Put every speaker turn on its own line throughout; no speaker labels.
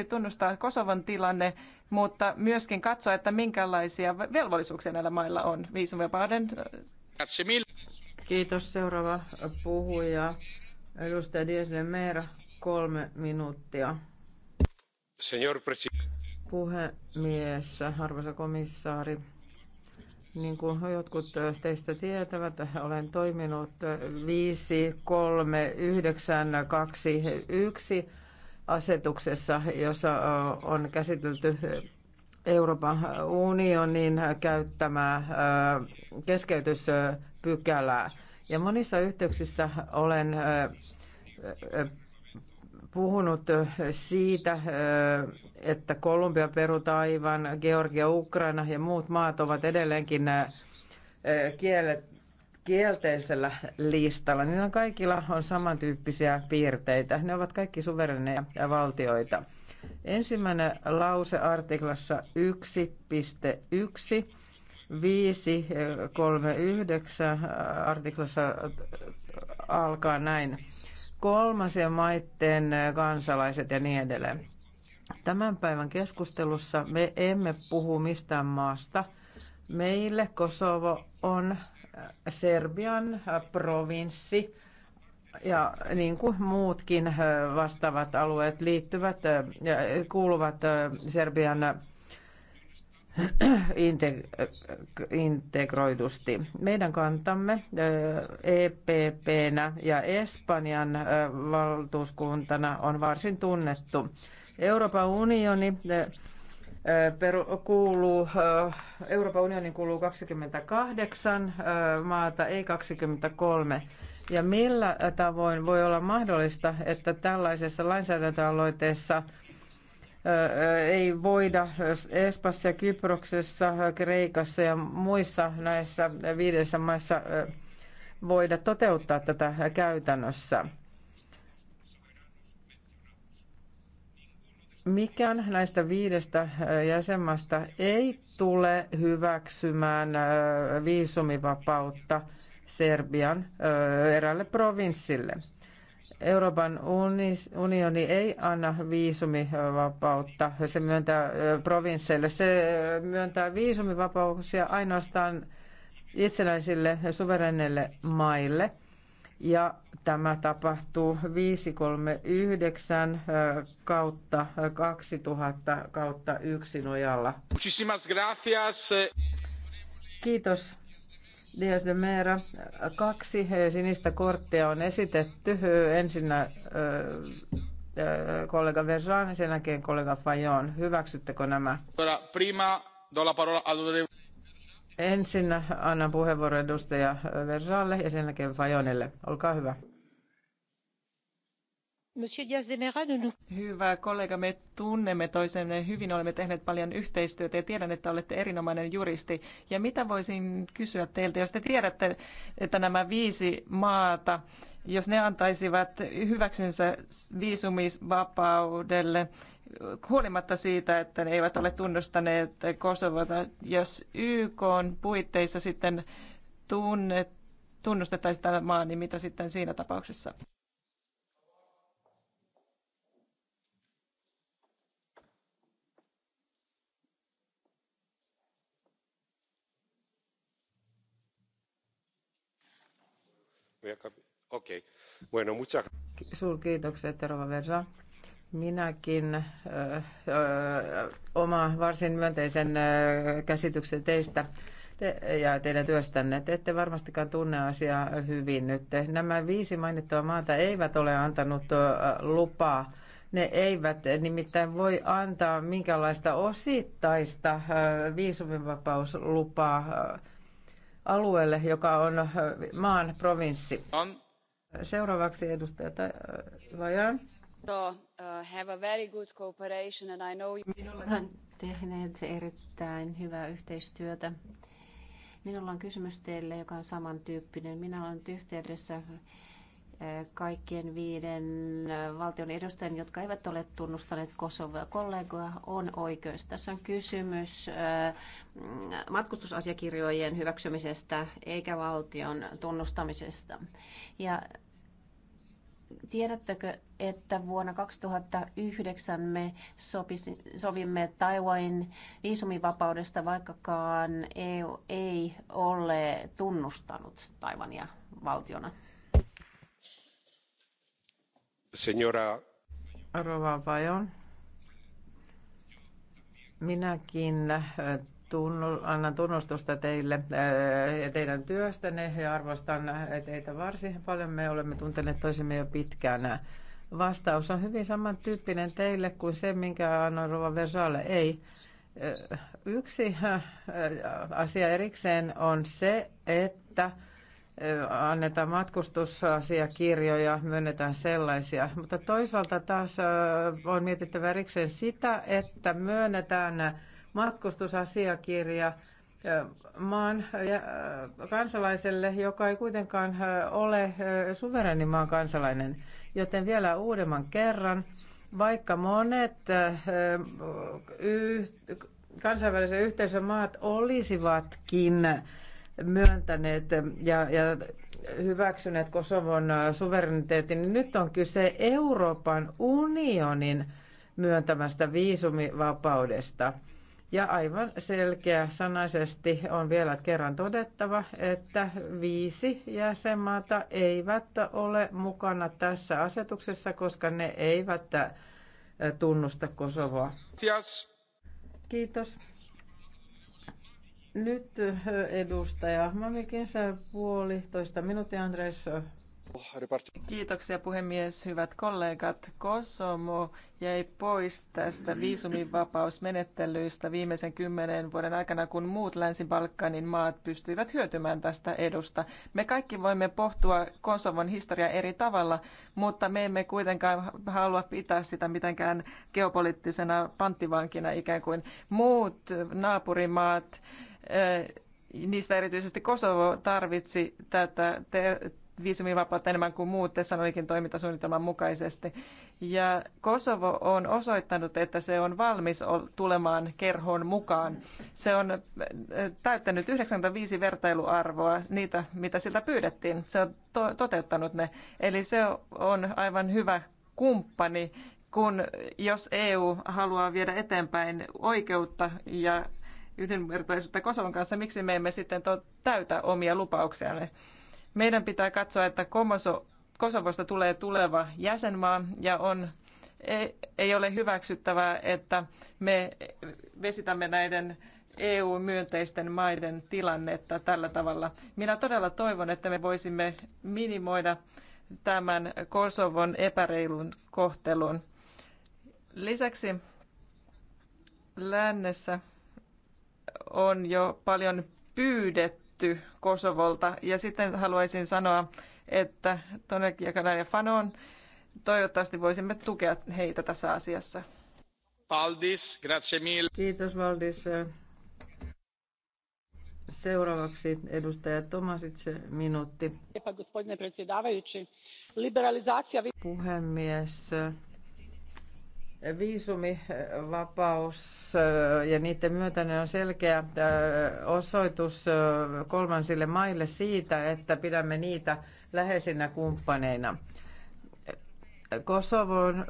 se tunnustaa Kosovan tilanne, mutta myöskin katsoa, että minkälaisia velvollisuuksia näillä mailla on viisumivapauden. Kiitos. Seuraava
puhuja, edustaja Diesle Meera, kolme minuuttia. Senior Puhemies, arvoisa komissaari, niin kuin jotkut teistä tietävät, olen toiminut 5, 3, 9, 2, 1 asetuksessa, jossa on käsitelty Euroopan unionin käyttämää keskeytyspykälää. Ja monissa yhteyksissä olen puhunut siitä, että Kolumbia, Peru, Taivan, Georgia, Ukraina ja muut maat ovat edelleenkin kielet, kielteisellä listalla, niin on kaikilla on samantyyppisiä piirteitä. Ne ovat kaikki suvereneja ja valtioita. Ensimmäinen lause artiklassa 1.1, 539 artiklassa alkaa näin. Kolmasien maitteen kansalaiset ja niin edelleen. Tämän päivän keskustelussa me emme puhu mistään maasta. Meille Kosovo on Serbian äh, provinssi ja niin kuin muutkin äh, vastaavat alueet liittyvät äh, ja kuuluvat Serbian integroidusti. Meidän kantamme EPPnä ja Espanjan valtuuskuntana on varsin tunnettu. Euroopan unioni peru, kuuluu, Euroopan unionin kuuluu 28 maata, ei 23. Ja millä tavoin voi olla mahdollista, että tällaisessa lainsäädäntöaloitteessa ei voida Espassa, Kyproksessa, Kreikassa ja muissa näissä viidessä maissa voida toteuttaa tätä käytännössä. Mikään näistä viidestä jäsenmasta ei tule hyväksymään viisumivapautta Serbian erälle provinssille. Euroopan unioni ei anna viisumivapautta. Se myöntää provinsseille. Se myöntää viisumivapauksia ainoastaan itsenäisille suverenneille maille – ja tämä tapahtuu 539 kautta 2000 kautta yksi nojalla.
Muchísimas gracias.
Kiitos. Dias de Mera. Kaksi sinistä korttia on esitetty. Ensin äh, kollega Verjan sen jälkeen kollega Fajon. Hyväksyttekö nämä?
Prima do la parola
Ensin annan puheenvuoron edustaja Versalle ja sen jälkeen Fajonelle. Olkaa hyvä.
Hyvä kollega, me tunnemme toisemme hyvin, olemme tehneet paljon yhteistyötä ja tiedän, että olette erinomainen juristi. Ja mitä voisin kysyä teiltä, jos te tiedätte, että nämä viisi maata, jos ne antaisivat hyväksynsä viisumisvapaudelle huolimatta siitä, että ne eivät ole tunnustaneet Kosovota, jos YK on puitteissa sitten tunnet, tunnustettaisiin tämä maa, niin mitä sitten siinä tapauksessa?
Okei. Okay. Bueno, muchas...
kiitokset, Rova Versa. Minäkin öö, oma varsin myönteisen öö, käsityksen teistä te, ja teidän työstänne. Te ette varmastikaan tunne asiaa hyvin nyt. Nämä viisi mainittua maata eivät ole antanut öö, lupaa. Ne eivät nimittäin voi antaa minkälaista osittaista öö, viisumivapauslupaa öö, alueelle, joka on öö, maan provinssi.
Seuraavaksi edustaja Vajan.
Joo Uh, have a very good cooperation and I know... Minulla on
tehneet erittäin hyvää yhteistyötä. Minulla on kysymys teille, joka on samantyyppinen. Minä olen yhteydessä uh, kaikkien viiden uh, valtion edustajien, jotka eivät ole tunnustaneet Kosovoa kollegoja, on oikeus. Tässä on kysymys matkustusasiakirjojen hyväksymisestä eikä valtion tunnustamisesta. Ja Tiedättekö, että vuonna 2009 me sopisi, sovimme Taiwanin viisumivapaudesta, vaikkakaan EU ei ole tunnustanut Taiwania valtiona?
Senora.
Rova Vajon. Minäkin tunnu, annan tunnustusta teille ja teidän työstänne ja arvostan teitä varsin paljon. Me olemme tunteneet toisimme jo pitkään. Vastaus on hyvin samantyyppinen teille kuin se, minkä annoin Rova Versalle. Ei. Yksi asia erikseen on se, että annetaan matkustusasiakirjoja, myönnetään sellaisia. Mutta toisaalta taas on mietittävä erikseen sitä, että myönnetään matkustusasiakirja maan kansalaiselle, joka ei kuitenkaan ole suverenin maan kansalainen. Joten vielä uudemman kerran, vaikka monet kansainvälisen yhteisön maat olisivatkin myöntäneet ja, ja hyväksyneet Kosovon suvereniteetin, niin nyt on kyse Euroopan unionin myöntämästä viisumivapaudesta – ja aivan selkeä sanaisesti on vielä kerran todettava, että viisi jäsenmaata eivät ole mukana tässä asetuksessa, koska ne eivät tunnusta Kosovoa. Kiitos. Kiitos. Nyt edustaja Mamikin puolitoista minuuttia Andres
Kiitoksia puhemies, hyvät kollegat. Kosovo jäi pois tästä viisumivapausmenettelyistä viimeisen kymmenen vuoden aikana, kun muut Länsi-Balkanin maat pystyivät hyötymään tästä edusta. Me kaikki voimme pohtua Kosovon historiaa eri tavalla, mutta me emme kuitenkaan halua pitää sitä mitenkään geopoliittisena panttivankina ikään kuin muut naapurimaat eh, niistä erityisesti Kosovo tarvitsi tätä te- viisumivapautta enemmän kuin muut, tässä sanoikin toimintasuunnitelman mukaisesti. Ja Kosovo on osoittanut, että se on valmis tulemaan kerhoon mukaan. Se on äh, täyttänyt 95 vertailuarvoa, niitä mitä siltä pyydettiin. Se on to- toteuttanut ne. Eli se on aivan hyvä kumppani, kun jos EU haluaa viedä eteenpäin oikeutta ja yhdenvertaisuutta Kosovon kanssa, miksi me emme sitten täytä omia lupauksiamme? Meidän pitää katsoa, että Komoso, Kosovosta tulee tuleva jäsenmaa ja on, ei, ei ole hyväksyttävää, että me vesitämme näiden EU-myönteisten maiden tilannetta tällä tavalla. Minä todella toivon, että me voisimme minimoida tämän Kosovon epäreilun kohtelun. Lisäksi lännessä on jo paljon pyydetty kielletty Kosovolta. Ja sitten haluaisin sanoa, että Tonek ja Kanaria Fanon, toivottavasti voisimme tukea heitä tässä asiassa.
Valdis, grazie mille.
Kiitos Valdis.
Seuraavaksi edustaja Tomasic, minuutti. Puhemies, Viisumivapaus äh, äh, ja niiden ne on selkeä äh, osoitus kolmansille maille siitä, että pidämme niitä läheisinä kumppaneina. Kosovon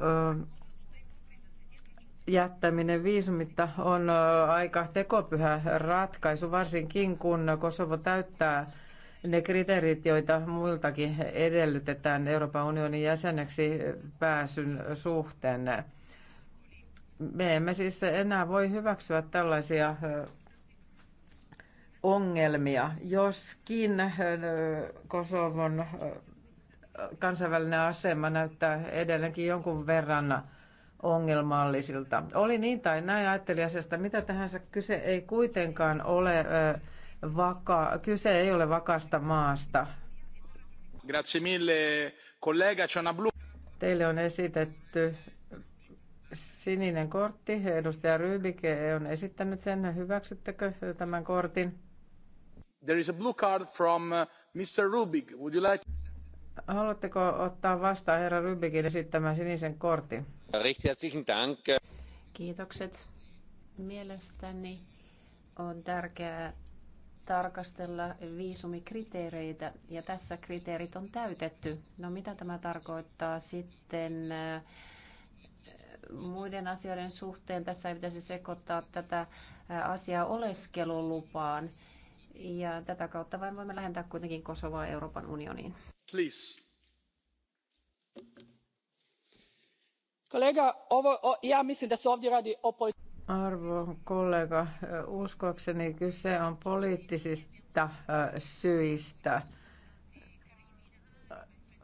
jättäminen viisumitta on aika tekopyhä ratkaisu, varsinkin kun Kosovo täyttää ne kriteerit, joita muiltakin edellytetään Euroopan unionin jäseneksi pääsyn suhteen. Me emme siis enää voi hyväksyä tällaisia ongelmia, joskin Kosovon kansainvälinen asema näyttää edelleenkin jonkun verran ongelmallisilta. Oli niin tai näin, ajattelijasesta, mitä tahansa. Kyse ei kuitenkaan ole, vaka, kyse ei ole vakasta maasta.
Grazie mille, collega, c'è una blu.
Teille on esitetty Sininen kortti. Edustaja Rybike on esittänyt sen. Hyväksyttekö tämän kortin?
There is a blue card from uh, Mr. Rubik. Would you like...
Haluatteko ottaa vastaan herra Rybikin esittämän sinisen kortin?
Kiitokset. Mielestäni on tärkeää tarkastella viisumikriteereitä ja tässä kriteerit on täytetty. No mitä tämä tarkoittaa sitten äh, muiden asioiden suhteen. Tässä ei pitäisi sekoittaa tätä asiaa oleskelulupaan. Ja tätä kautta vain voimme lähentää kuitenkin Kosovaa Euroopan unioniin. Please. Kollega, ovo, o, ja mislim da se radi
o Arvo kollega, e, uskoakseni kyse on poliittisista e, syistä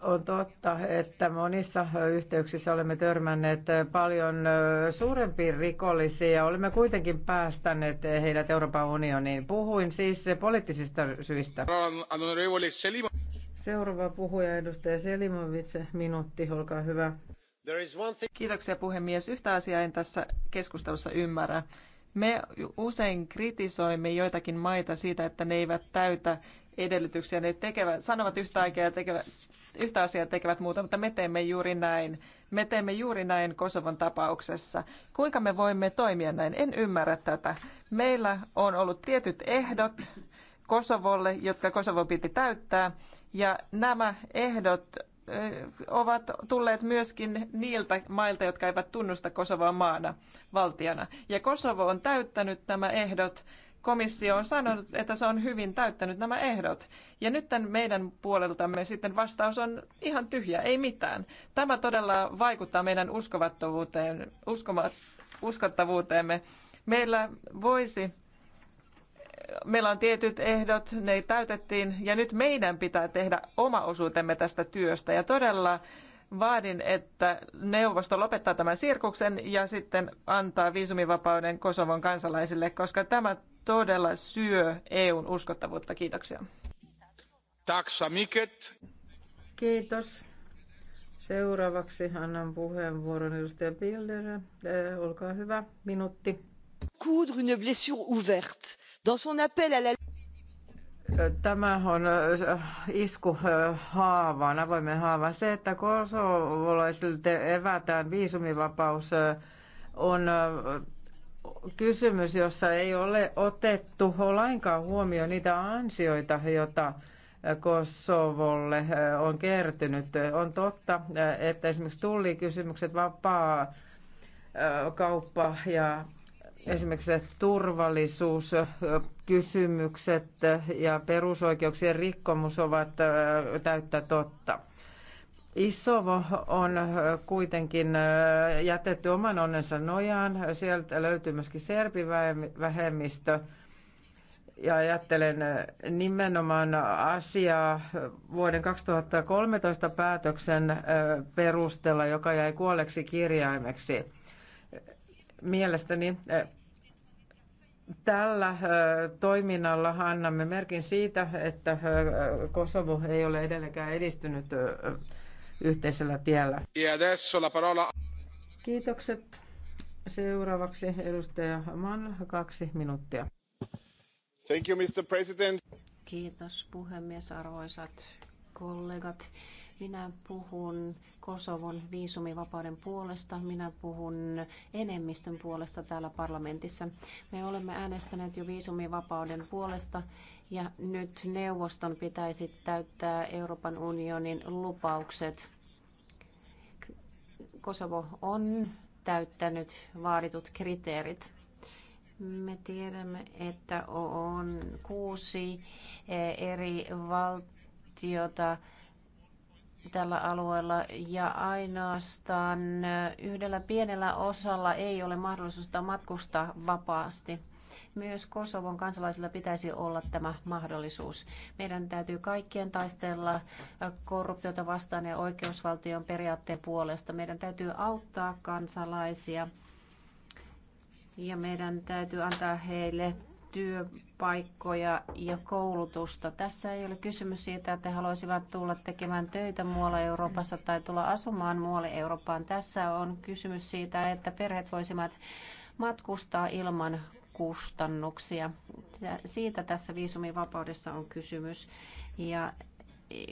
on totta, että monissa yhteyksissä olemme törmänneet paljon suurempiin rikollisiin ja olemme kuitenkin päästäneet heidät Euroopan unioniin. Puhuin siis poliittisista syistä. Seuraava puhuja, edustaja Selimovitse, minuutti, olkaa hyvä.
Kiitoksia puhemies. Yhtä asiaa en tässä keskustelussa ymmärrä. Me usein kritisoimme joitakin maita siitä, että ne eivät täytä edellytyksiä. Ne tekevät, sanovat yhtä aikaa ja tekevät, yhtä asiaa tekevät muuta, mutta me teemme juuri näin. Me teemme juuri näin Kosovon tapauksessa. Kuinka me voimme toimia näin? En ymmärrä tätä. Meillä on ollut tietyt ehdot Kosovolle, jotka Kosovo piti täyttää, ja nämä ehdot eh, ovat tulleet myöskin niiltä mailta, jotka eivät tunnusta Kosovoa maana, valtiona. Ja Kosovo on täyttänyt nämä ehdot komissio on sanonut, että se on hyvin täyttänyt nämä ehdot. Ja nyt tämän meidän puoleltamme sitten vastaus on ihan tyhjä, ei mitään. Tämä todella vaikuttaa meidän uskovattavuuteen, uskoma, uskottavuuteemme. Meillä voisi meillä on tietyt ehdot, ne täytettiin ja nyt meidän pitää tehdä oma osuutemme tästä työstä ja todella vaadin, että neuvosto lopettaa tämän sirkuksen ja sitten antaa viisumivapauden Kosovon kansalaisille, koska tämä todella syö EUn uskottavuutta. Kiitoksia. Kiitos.
Seuraavaksi annan puheenvuoron edustaja Bilder. Eh, olkaa hyvä, minuutti. Coudre une blessure ouverte. Dans son appel à la... Tämä on äh, isku äh, haavaan, avoimen haavaan. Se, että kosovolaisilta evätään viisumivapaus, äh, on kysymys, jossa ei ole otettu lainkaan huomioon niitä ansioita, joita Kosovolle on kertynyt. On totta, että esimerkiksi tullikysymykset, vapaa kauppa ja esimerkiksi turvallisuuskysymykset ja perusoikeuksien rikkomus ovat täyttä totta. Isovo on kuitenkin jätetty oman onnensa nojaan. Sieltä löytyy myöskin serbivähemmistö. Ja ajattelen nimenomaan asiaa vuoden 2013 päätöksen perusteella, joka jäi kuolleksi kirjaimeksi. Mielestäni eh, tällä eh, toiminnalla annamme merkin siitä, että eh, Kosovo ei ole edelleenkään edistynyt yhteisellä tiellä. Kiitokset. Seuraavaksi edustaja Mann, kaksi minuuttia.
Thank you, Mr. President.
Kiitos puhemies, arvoisat kollegat. Minä puhun Kosovon viisumivapauden puolesta. Minä puhun enemmistön puolesta täällä parlamentissa. Me olemme äänestäneet jo viisumivapauden puolesta ja nyt neuvoston pitäisi täyttää Euroopan unionin lupaukset. Kosovo on täyttänyt vaaditut kriteerit. Me tiedämme, että on kuusi eh, eri valtiota, tällä alueella ja ainoastaan yhdellä pienellä osalla ei ole mahdollisuutta matkustaa vapaasti. Myös Kosovon kansalaisilla pitäisi olla tämä mahdollisuus. Meidän täytyy kaikkien taistella korruptiota vastaan ja oikeusvaltion periaatteen puolesta. Meidän täytyy auttaa kansalaisia ja meidän täytyy antaa heille työpaikkoja ja koulutusta. Tässä ei ole kysymys siitä, että he haluaisivat tulla tekemään töitä muualla Euroopassa tai tulla asumaan muualle Eurooppaan. Tässä on kysymys siitä, että perheet voisivat matkustaa ilman kustannuksia. Siitä tässä viisumivapaudessa on kysymys ja e,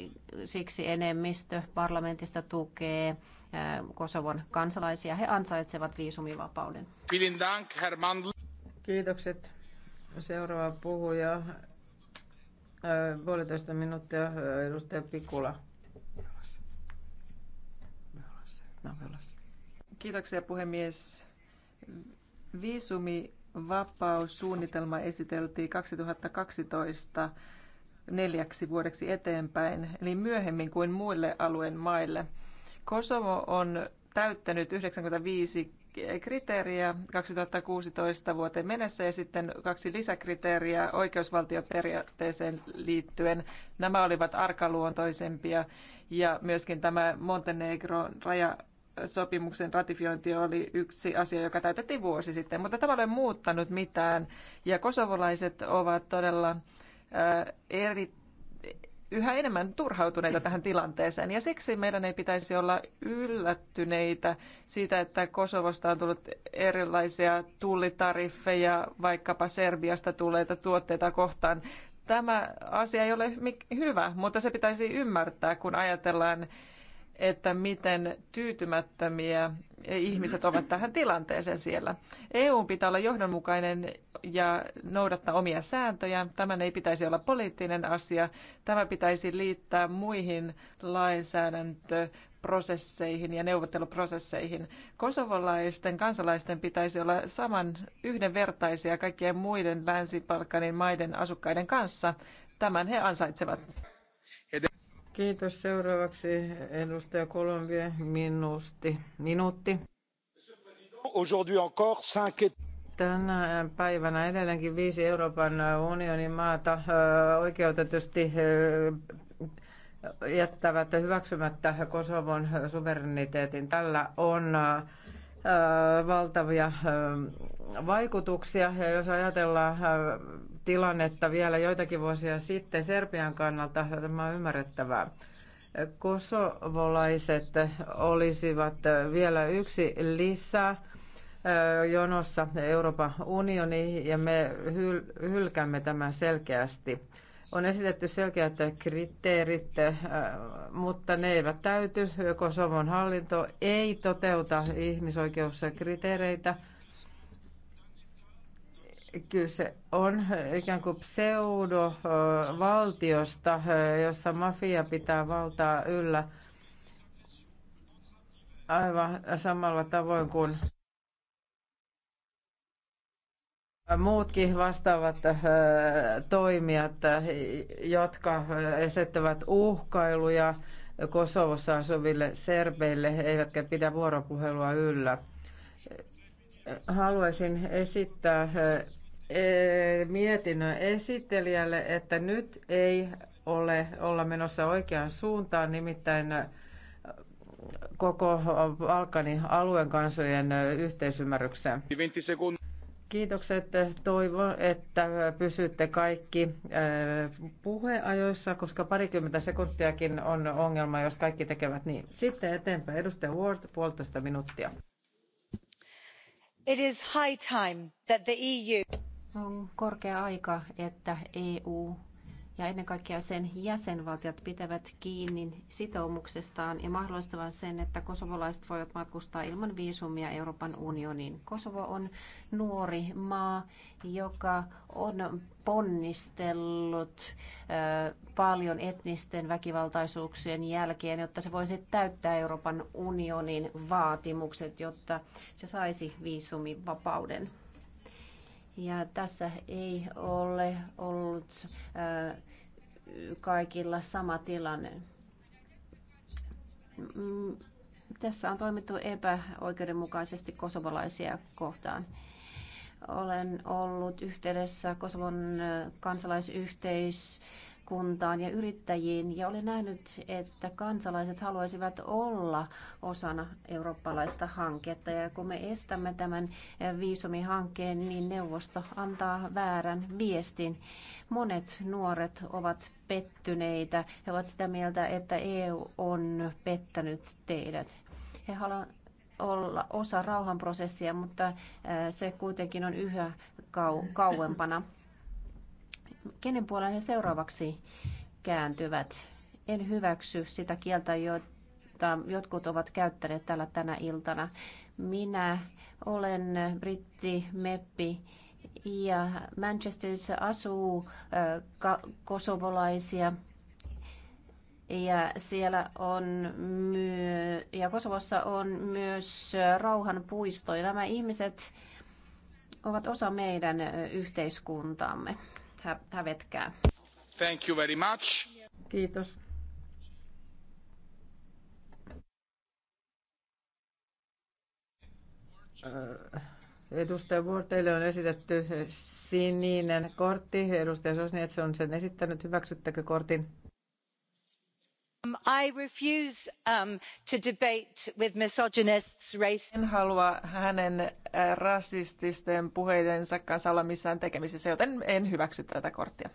siksi enemmistö parlamentista tukee Kosovon kansalaisia. He ansaitsevat viisumivapauden. Kiitokset Seuraava puhuja, äh,
puolitoista minuuttia, äh, edustaja Pikula.
Kiitoksia puhemies. Viisumivapaussuunnitelma esiteltiin 2012 neljäksi vuodeksi eteenpäin, eli myöhemmin kuin muille alueen maille. Kosovo on täyttänyt 95 kriteeriä 2016 vuoteen mennessä ja sitten kaksi lisäkriteeriä oikeusvaltioperiaatteeseen liittyen. Nämä olivat arkaluontoisempia ja myöskin tämä Montenegron raja sopimuksen ratifiointi oli yksi asia, joka täytettiin vuosi sitten, mutta tämä ei muuttanut mitään. Ja kosovolaiset ovat todella eri, yhä enemmän turhautuneita tähän tilanteeseen. Ja siksi meidän ei pitäisi olla yllättyneitä siitä, että Kosovosta on tullut erilaisia tullitariffeja, vaikkapa Serbiasta tulleita tuotteita kohtaan. Tämä asia ei ole hyvä, mutta se pitäisi ymmärtää, kun ajatellaan, että miten tyytymättömiä ihmiset ovat tähän tilanteeseen siellä. EU pitää olla johdonmukainen ja noudattaa omia sääntöjä. Tämän ei pitäisi olla poliittinen asia. Tämä pitäisi liittää muihin lainsäädäntö prosesseihin ja neuvotteluprosesseihin. Kosovolaisten kansalaisten pitäisi olla saman yhdenvertaisia kaikkien muiden Länsi-Balkanin maiden asukkaiden kanssa. Tämän he ansaitsevat.
Kiitos. Seuraavaksi edustaja Kolumbia, minuutti. minuutti.
Aujourd'hui encore cinq...
Tänä päivänä edelleenkin viisi Euroopan unionin maata oikeutetusti jättävät hyväksymättä Kosovon suvereniteetin. Tällä on valtavia vaikutuksia. Ja jos ajatellaan tilannetta vielä joitakin vuosia sitten Serbian kannalta, tämä on ymmärrettävää. Kosovolaiset olisivat vielä yksi lisää jonossa Euroopan unioni ja me hyl- hylkäämme tämän selkeästi. On esitetty selkeät kriteerit, mutta ne eivät täyty. Kosovon hallinto ei toteuta ihmisoikeuskriteereitä kyse on ikään kuin pseudovaltiosta, jossa mafia pitää valtaa yllä aivan samalla tavoin kuin muutkin vastaavat toimijat, jotka esittävät uhkailuja Kosovossa asuville serbeille, eivätkä pidä vuoropuhelua yllä. Haluaisin esittää mietinnön esittelijälle, että nyt ei ole olla menossa oikeaan suuntaan, nimittäin koko Balkanin alueen kansojen yhteisymmärrykseen. Kiitokset. Toivon, että pysytte kaikki äh, puheajoissa, koska parikymmentä sekuntiakin on ongelma, jos kaikki tekevät niin. Sitten eteenpäin. Edustaja Ward, puolitoista minuuttia.
It is high
time that the EU on korkea aika, että EU ja ennen kaikkea sen jäsenvaltiot pitävät kiinni sitoumuksestaan ja mahdollistavan sen, että kosovolaiset voivat matkustaa ilman viisumia Euroopan unioniin. Kosovo on nuori maa, joka on ponnistellut paljon etnisten väkivaltaisuuksien jälkeen, jotta se voisi täyttää Euroopan unionin vaatimukset, jotta se saisi viisumivapauden. Ja tässä ei ole ollut kaikilla sama tilanne. Mm, tässä on toimittu epäoikeudenmukaisesti kosovalaisia kohtaan. Olen ollut yhteydessä Kosovon kansalaisyhteisöön yhteiskuntaan ja yrittäjiin ja olen nähnyt, että kansalaiset haluaisivat olla osana eurooppalaista hanketta ja kun me estämme tämän viisumihankkeen, niin neuvosto antaa väärän viestin. Monet nuoret ovat pettyneitä. He ovat sitä mieltä, että EU on pettänyt teidät. He haluavat olla osa rauhanprosessia, mutta se kuitenkin on yhä kau- kauempana kenen puoleen he seuraavaksi kääntyvät. En hyväksy sitä kieltä, jota jotkut ovat käyttäneet täällä tänä iltana. Minä olen britti Meppi ja Manchesterissa asuu kosovolaisia ja siellä on myö, ja Kosovossa on myös rauhanpuisto ja nämä ihmiset ovat osa meidän yhteiskuntaamme hävetkää.
Thank you very much.
Kiitos.
Äh, edustaja Vuorteille on esitetty sininen kortti. Edustaja Sosniets on sen esittänyt. Hyväksyttekö kortin?
Um, um, en halua hänen äh, rasististen puheidensa kanssa olla missään tekemisissä, joten en hyväksy tätä korttia.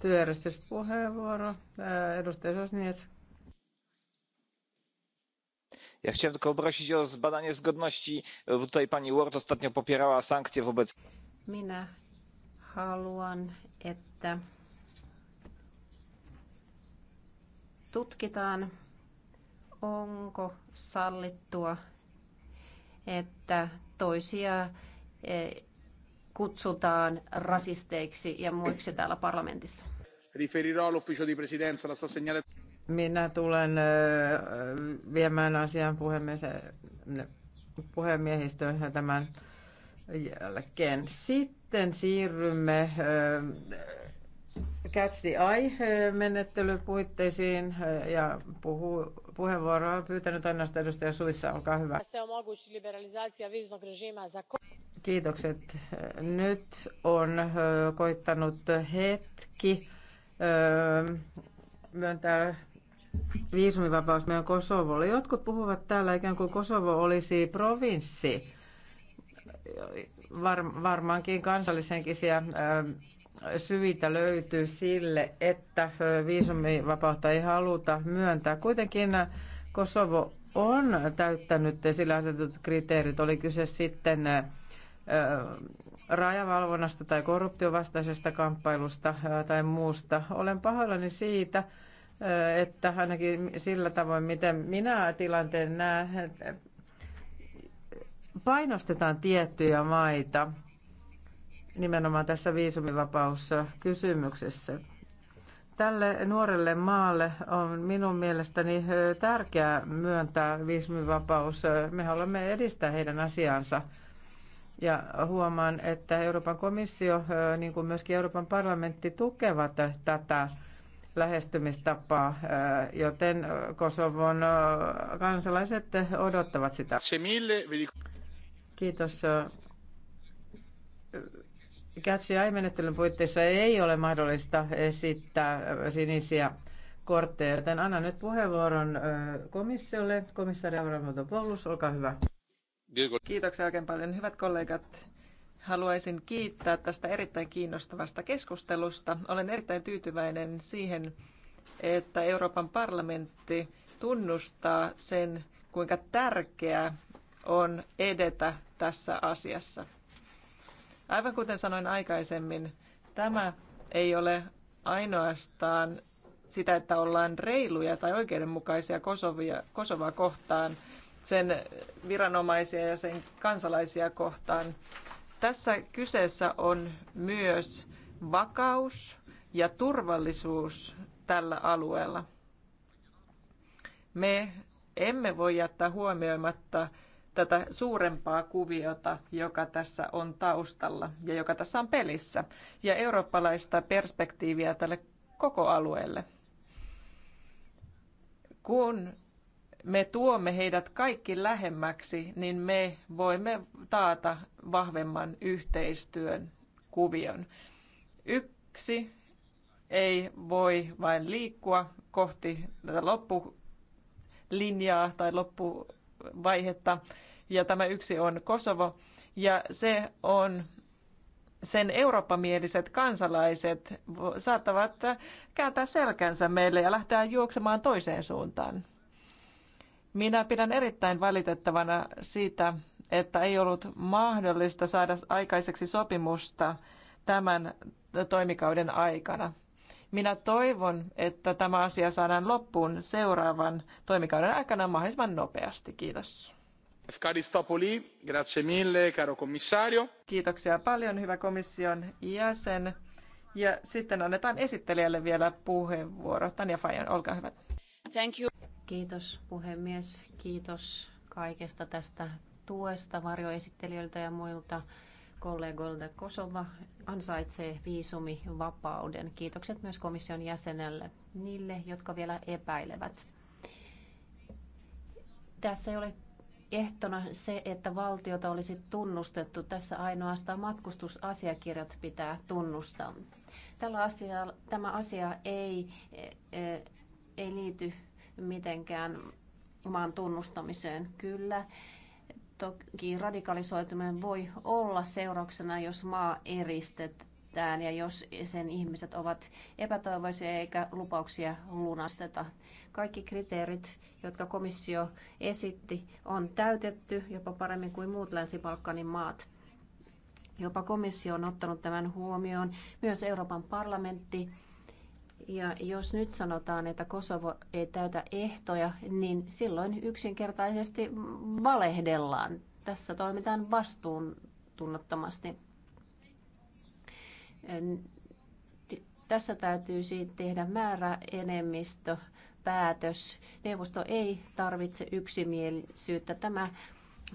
Työjärjestyspuheenvuoro. Äh, edustaja Sosniec.
Ja chciałem tylko prosić o zbadanie zgodności. Tutaj pani Ward ostatnio popierała sankcje wobec...
Minä haluan, että tutkitaan, onko sallittua, että toisia e, kutsutaan rasisteiksi ja muiksi täällä parlamentissa.
Riferirò all'ufficio di presidenza la sua segnale.
Minä tulen e, viemään
asian puhemies, tämän jälkeen. Sitten siirrymme Catch the Eye-menettelyn puitteisiin ja puhuu, puheenvuoroa pyytänyt ainoastaan edustaja Suissa, olkaa hyvä. Kiitokset. Nyt on koittanut hetki myöntää viisumivapaus meidän Kosovolle. Jotkut puhuvat täällä ikään kuin Kosovo olisi provinssi var, varmaankin kansallisenkisiä syitä löytyy sille, että viisumivapautta ei haluta myöntää. Kuitenkin Kosovo on täyttänyt sillä asetut kriteerit, oli kyse sitten rajavalvonnasta tai korruptiovastaisesta kamppailusta tai muusta. Olen pahoillani siitä, että ainakin sillä tavoin, miten minä tilanteen näen, painostetaan tiettyjä maita nimenomaan tässä viisumivapauskysymyksessä. Tälle nuorelle maalle on minun mielestäni tärkeää myöntää viisumivapaus. Me haluamme edistää heidän asiansa. Ja huomaan, että Euroopan komissio, niin kuin myöskin Euroopan parlamentti, tukevat tätä lähestymistapaa, joten Kosovon kansalaiset odottavat sitä. Kiitos. Catch menettelyn puitteissa ei ole mahdollista esittää sinisiä kortteja, joten annan nyt puheenvuoron komissiolle. Komissaari
Avramopoulos, olkaa hyvä. Kiitoksia oikein paljon. Hyvät kollegat, haluaisin kiittää tästä erittäin kiinnostavasta keskustelusta. Olen erittäin tyytyväinen siihen, että Euroopan parlamentti tunnustaa sen, kuinka tärkeää on edetä tässä asiassa. Aivan kuten sanoin aikaisemmin, tämä ei ole ainoastaan sitä, että ollaan reiluja tai oikeudenmukaisia Kosovia, Kosovaa kohtaan, sen viranomaisia ja sen kansalaisia kohtaan. Tässä kyseessä on myös vakaus ja turvallisuus tällä alueella. Me emme voi jättää huomioimatta tätä suurempaa kuviota, joka tässä on taustalla ja joka tässä on pelissä, ja eurooppalaista perspektiiviä tälle koko alueelle. Kun me tuomme heidät kaikki lähemmäksi, niin me voimme taata vahvemman yhteistyön kuvion. Yksi ei voi vain liikkua kohti tätä loppulinjaa tai loppu vaihetta ja tämä yksi on Kosovo ja se on sen eurooppamieliset kansalaiset saattavat kääntää selkänsä meille ja lähteä juoksemaan toiseen suuntaan. Minä pidän erittäin valitettavana siitä, että ei ollut mahdollista saada aikaiseksi sopimusta tämän toimikauden aikana. Minä toivon, että tämä asia saadaan loppuun seuraavan toimikauden aikana mahdollisimman nopeasti. Kiitos.
Grazie mille, caro commissario. Kiitoksia
paljon, hyvä komission jäsen. Ja sitten annetaan esittelijälle vielä puheenvuoro. Tanja Fajan, olkaa hyvä.
Thank you. Kiitos puhemies. Kiitos kaikesta tästä tuesta varjoesittelijöiltä ja muilta kollegoilta. Kosova ansaitsee viisumivapauden. Kiitokset myös komission jäsenelle, niille, jotka vielä epäilevät. Tässä ei ole ehtona se, että valtiota olisi tunnustettu. Tässä ainoastaan matkustusasiakirjat pitää tunnustaa. Tällä asia, tämä asia ei, e, e, ei liity mitenkään maan tunnustamiseen. Kyllä Toki radikalisoituminen voi olla seurauksena, jos maa eristetään ja jos sen ihmiset ovat epätoivoisia eikä lupauksia lunasteta. Kaikki kriteerit, jotka komissio esitti, on täytetty jopa paremmin kuin muut Länsi-Balkanin maat. Jopa komissio on ottanut tämän huomioon. Myös Euroopan parlamentti ja jos nyt sanotaan, että Kosovo ei täytä ehtoja, niin silloin yksinkertaisesti valehdellaan. Tässä toimitaan vastuuntunnottomasti. Tässä täytyy siitä tehdä määrä enemmistö päätös. Neuvosto ei tarvitse yksimielisyyttä. Tämä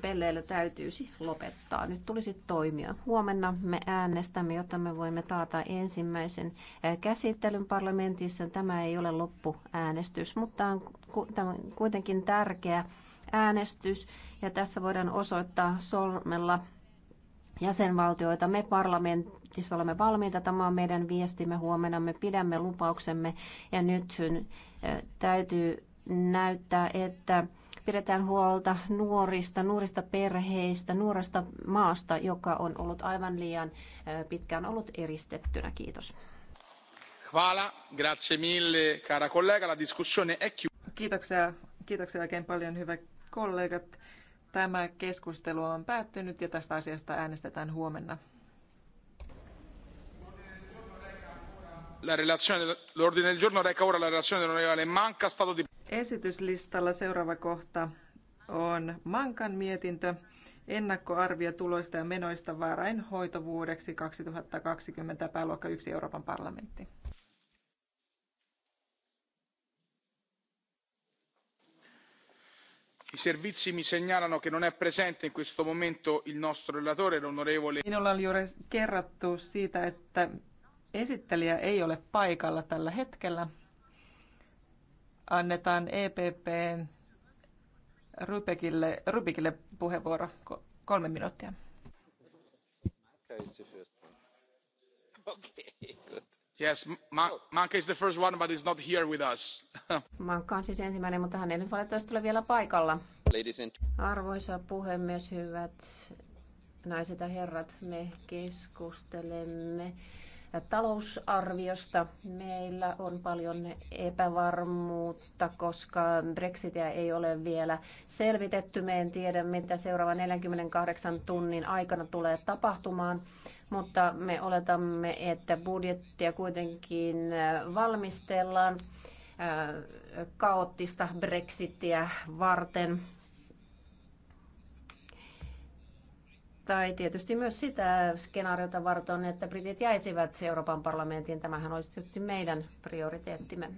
pelleillä täytyisi lopettaa. Nyt tulisi toimia. Huomenna me äänestämme, jotta me voimme taata ensimmäisen eh, käsittelyn parlamentissa. Tämä ei ole loppuäänestys, mutta on, on kuitenkin tärkeä äänestys ja tässä voidaan osoittaa sormella jäsenvaltioita. Me parlamentissa olemme valmiita. Tämä on meidän viestimme huomenna. Me pidämme lupauksemme ja nyt eh, täytyy näyttää, että pidetään huolta nuorista, nuorista perheistä, nuoresta maasta, joka on ollut aivan liian pitkään ollut eristettynä. Kiitos.
Hvala, grazie mille, cara collega. La discussione è chiusa.
Kiitoksia, kiitoksia oikein paljon, hyvät kollegat. Tämä keskustelu on päättynyt ja tästä asiasta äänestetään huomenna. Esityslistalla seuraava kohta on Mankan mietintö ennakkoarvio tuloista ja menoista varainhoitovuodeksi 2020 pääluokka 1 Euroopan parlamentti.
I servizi mi segnalano che non è presente in questo momento il nostro relatore, l'onorevole. Minulla on juuri
kerrottu siitä, että Esittelijä ei ole paikalla tällä hetkellä. Annetaan EPPn Rubikille, Rubikille puheenvuoro kolme minuuttia.
Yes, Manka is the first one, but is not here with us.
Manka on siis ensimmäinen, mutta hän ei nyt valitettavasti ole vielä paikalla. Arvoisa puhemies, hyvät naiset ja herrat, me keskustelemme talousarviosta. Meillä on paljon epävarmuutta, koska Brexitia ei ole vielä selvitetty. Me en tiedä, mitä seuraavan 48 tunnin aikana tulee tapahtumaan, mutta me oletamme, että budjettia kuitenkin äh, valmistellaan äh, kaoottista Brexitia varten. tai tietysti myös sitä skenaariota varten, että britit jäisivät Euroopan parlamentin Tämähän olisi tietysti meidän prioriteettimme.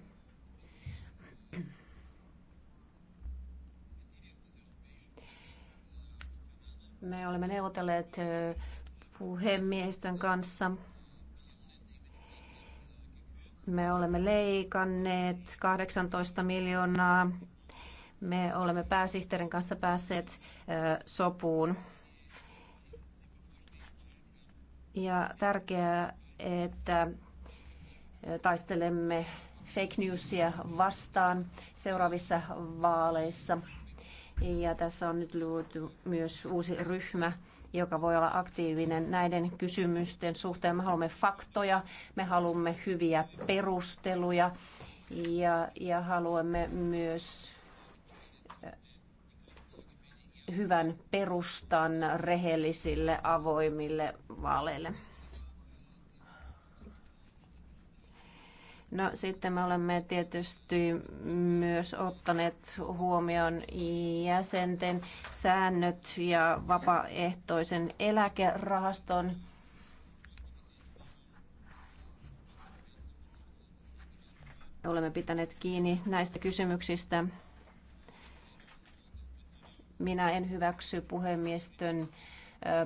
Me olemme neuvotelleet puhemiehistön kanssa. Me olemme leikanneet 18 miljoonaa. Me olemme pääsihteerin kanssa päässeet sopuun ja tärkeää, että taistelemme fake newsia vastaan seuraavissa vaaleissa. Ja tässä on nyt luotu myös uusi ryhmä, joka voi olla aktiivinen näiden kysymysten suhteen. Me haluamme faktoja, me haluamme hyviä perusteluja ja, ja haluamme myös hyvän perustan rehellisille, avoimille vaaleille. No sitten me olemme tietysti myös ottaneet huomioon jäsenten säännöt ja vapaaehtoisen eläkerahaston. Olemme pitäneet kiinni näistä kysymyksistä. Minä en hyväksy puhemiestön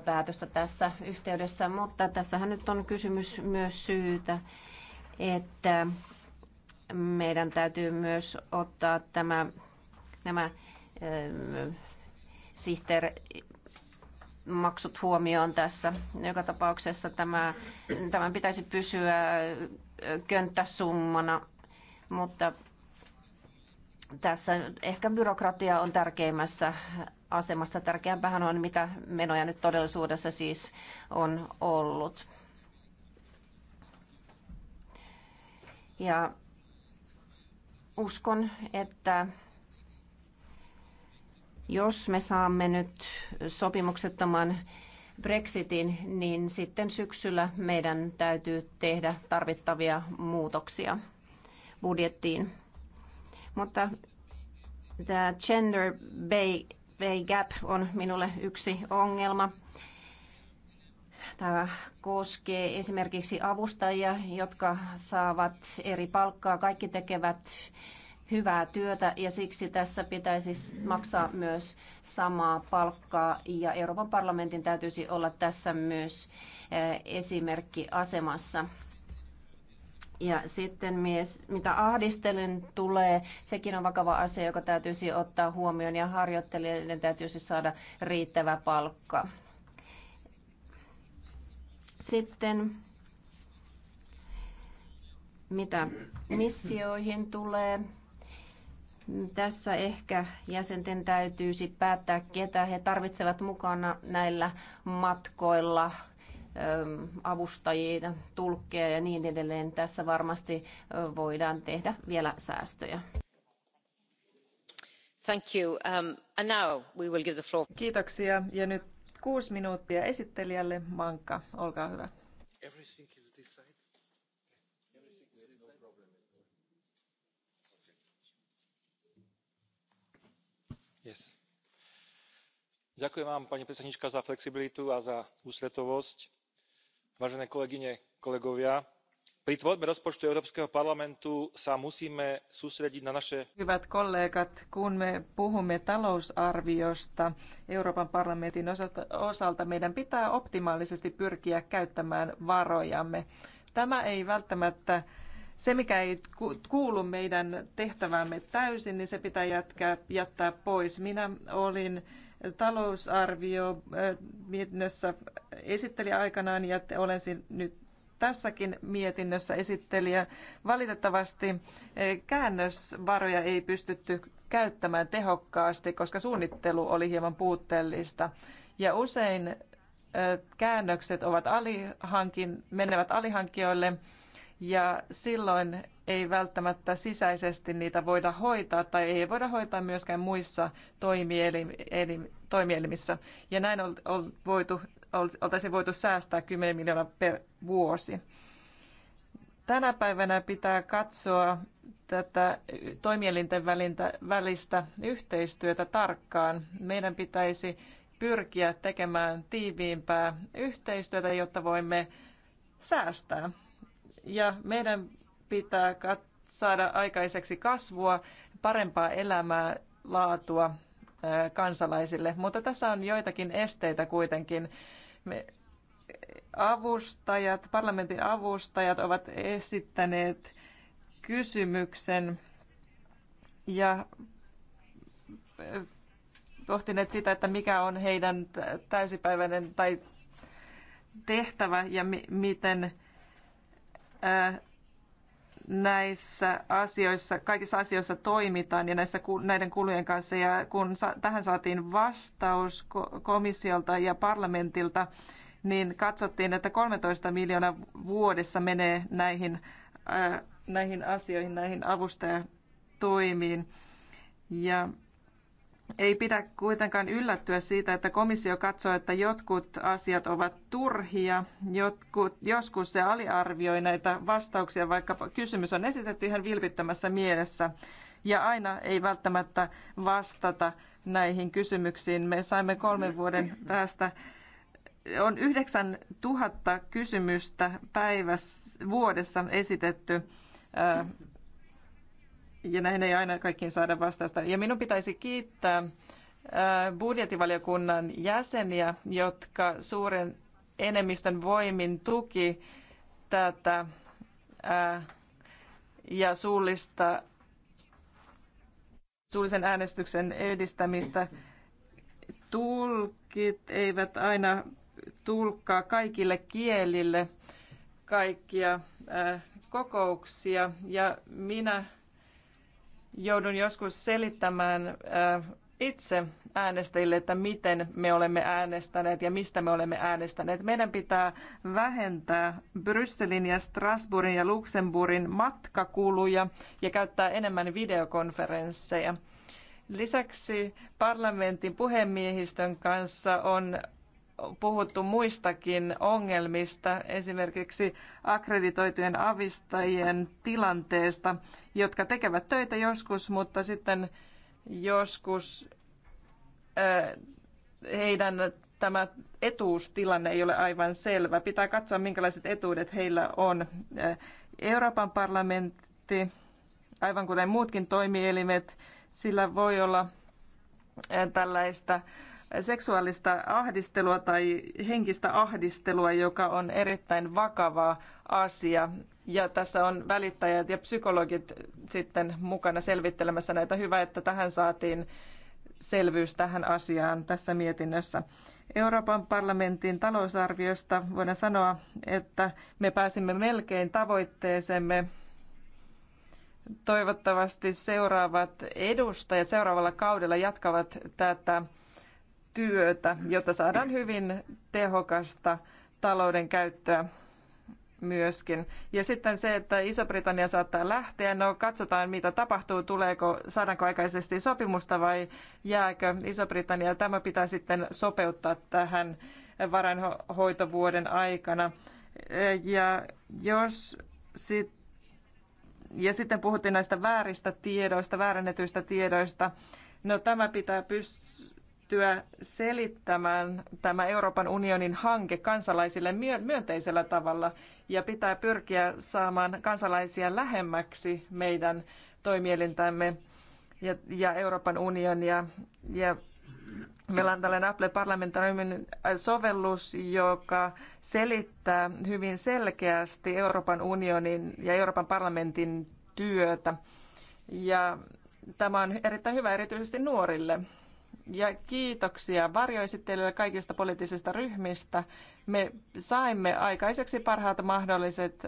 päätöstä tässä yhteydessä, mutta tässähän nyt on kysymys myös syytä, että meidän täytyy myös ottaa tämä, nämä maksut huomioon tässä. Joka tapauksessa tämä, tämän pitäisi pysyä könttäsummana, mutta tässä ehkä byrokratia on tärkeimmässä asemassa. Tärkeämpähän on, mitä menoja nyt todellisuudessa siis on ollut. Ja uskon, että jos me saamme nyt sopimuksettoman Brexitin, niin sitten syksyllä meidän täytyy tehdä tarvittavia muutoksia budjettiin. Mutta tämä gender pay gap on minulle yksi ongelma. Tämä koskee esimerkiksi avustajia, jotka saavat eri palkkaa. Kaikki tekevät hyvää työtä ja siksi tässä pitäisi maksaa myös samaa palkkaa ja Euroopan parlamentin täytyisi olla tässä myös eh, esimerkki asemassa. Ja sitten mies, mitä ahdistelun tulee, sekin on vakava asia, joka täytyisi ottaa huomioon ja harjoittelijoiden täytyisi saada riittävä palkka. Sitten mitä missioihin tulee, tässä ehkä jäsenten täytyisi päättää, ketä he tarvitsevat mukana näillä matkoilla Ähm, avustajia, tulkkeja ja niin edelleen. Tässä varmasti äh, voidaan
tehdä vielä
säästöjä.
Thank you. Um, and now we will give the floor. Kiitoksia. Ja nyt kuusi minuuttia esittelijälle. Manka. olkaa hyvä. Yes. Ďakujem vám, pani predsedníčka, za flexibilitu a za vážené kolegyne kolegovia pri tvorbe rozpočtu Euroopan parlamentu sa musíme sústrediť na naše... Hyvät kollegat, kun me puhumme talousarviosta Euroopan parlamentin osalta, meidän pitää optimaalisesti pyrkiä käyttämään varojamme. Tämä ei välttämättä, se mikä ei kuulu meidän tehtävämme täysin, niin se pitää jättää pois. Minä olin talousarvio äh, mietinnössä esitteli aikanaan ja olen nyt tässäkin mietinnössä esittelijä. Valitettavasti äh, käännösvaroja ei pystytty käyttämään tehokkaasti, koska suunnittelu oli hieman puutteellista. Ja usein äh, käännökset ovat alihankin, menevät alihankijoille ja silloin ei välttämättä sisäisesti niitä voida hoitaa tai ei voida hoitaa myöskään muissa toimielimissä. Ja näin on, on voitu, oltaisiin voitu säästää 10 miljoonaa per vuosi. Tänä päivänä pitää katsoa tätä toimielinten välistä yhteistyötä tarkkaan. Meidän pitäisi pyrkiä tekemään tiiviimpää yhteistyötä, jotta voimme säästää ja meidän pitää saada aikaiseksi kasvua, parempaa elämää, laatua kansalaisille. Mutta tässä on joitakin esteitä kuitenkin. Me avustajat, parlamentin avustajat ovat esittäneet kysymyksen ja pohtineet sitä, että mikä on heidän täysipäiväinen tai tehtävä ja mi- miten näissä asioissa, kaikissa asioissa toimitaan ja näissä, näiden kulujen kanssa. Ja kun sa, tähän saatiin vastaus komissiolta ja parlamentilta, niin katsottiin, että 13 miljoonaa vuodessa menee näihin, ää, näihin asioihin, näihin avustajatoimiin. Ja ei pidä kuitenkaan yllättyä siitä, että komissio katsoo, että jotkut asiat ovat turhia, jotkut, joskus se aliarvioi näitä vastauksia, vaikka kysymys on esitetty ihan vilpittömässä mielessä. Ja aina ei välttämättä vastata näihin kysymyksiin. Me saimme kolmen vuoden päästä on 9000 kysymystä päivässä vuodessa esitetty ja näihin ei aina kaikkiin saada vastausta. Ja minun pitäisi kiittää äh, budjetivaliokunnan jäseniä, jotka suuren enemmistön voimin tuki tätä äh, ja suullista, suullisen äänestyksen edistämistä. Tulkit eivät aina tulkkaa kaikille kielille kaikkia äh, kokouksia ja minä joudun joskus selittämään äh, itse äänestäjille, että miten me olemme äänestäneet ja mistä me olemme äänestäneet. Meidän pitää vähentää Brysselin ja Strasbourgin ja Luxemburgin matkakuluja ja käyttää enemmän videokonferensseja. Lisäksi parlamentin puhemiehistön kanssa on puhuttu muistakin ongelmista, esimerkiksi akkreditoitujen avistajien tilanteesta, jotka tekevät töitä joskus, mutta sitten joskus eh, heidän tämä etuustilanne ei ole aivan selvä. Pitää katsoa, minkälaiset etuudet heillä on. Eh, Euroopan parlamentti, aivan kuten muutkin toimielimet, sillä voi olla eh, tällaista seksuaalista ahdistelua tai henkistä ahdistelua, joka on erittäin vakava asia. Ja tässä on välittäjät ja psykologit sitten mukana selvittelemässä näitä. Hyvä, että tähän saatiin selvyys tähän asiaan tässä mietinnössä. Euroopan parlamentin talousarviosta voidaan sanoa, että me pääsimme melkein tavoitteeseemme. Toivottavasti seuraavat edustajat seuraavalla kaudella jatkavat tätä työtä, jotta saadaan hyvin tehokasta talouden käyttöä myöskin. Ja sitten se, että Iso-Britannia saattaa lähteä, no katsotaan mitä tapahtuu, tuleeko, saadaanko aikaisesti sopimusta vai jääkö Iso-Britannia. Tämä pitää sitten sopeuttaa tähän varainhoitovuoden aikana. Ja jos sit, ja sitten puhuttiin näistä vääristä tiedoista, väärännetyistä tiedoista. No tämä pitää pystyä pystyttyä selittämään tämä Euroopan unionin hanke kansalaisille myönteisellä tavalla ja pitää pyrkiä saamaan kansalaisia lähemmäksi meidän toimielintämme ja, ja Euroopan unionia. Ja meillä on tällainen Apple parlamentaarinen sovellus, joka selittää hyvin selkeästi Euroopan unionin ja Euroopan parlamentin työtä. Ja tämä on erittäin hyvä erityisesti nuorille ja kiitoksia varjoesittelijöille kaikista poliittisista ryhmistä. Me saimme aikaiseksi parhaat mahdolliset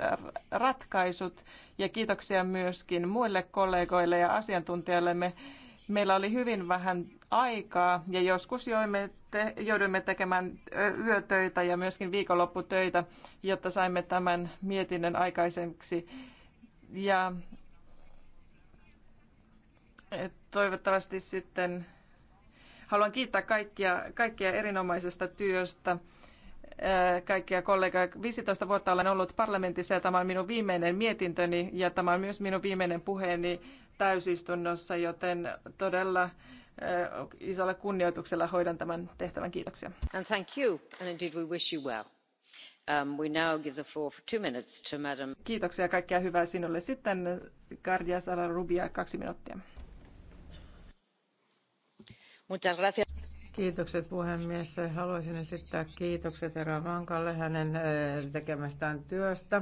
ratkaisut ja kiitoksia myöskin muille kollegoille ja asiantuntijoillemme. Meillä oli hyvin vähän aikaa ja joskus joimme te, joudumme tekemään yötöitä ja myöskin viikonlopputöitä, jotta saimme tämän mietinnön aikaiseksi. Ja eh, toivottavasti sitten Haluan kiittää kaikkia, kaikkia erinomaisesta työstä kaikkia kollegoja. 15 vuotta olen ollut parlamentissa ja tämä on minun viimeinen mietintöni ja tämä on myös minun viimeinen puheeni täysistunnossa, joten todella isolla kunnioituksella hoidan tämän tehtävän. Kiitoksia. And thank you and indeed we wish you well. Um,
we now give the floor for two minutes to Madam. Kiitoksia
kaikkea hyvää sinulle. Sitten Gardia Sara Rubia, kaksi minuuttia. Muchas gracias.
Kiitokset puhemies. Haluaisin esittää kiitokset herra Vankalle hänen äh, tekemästään työstä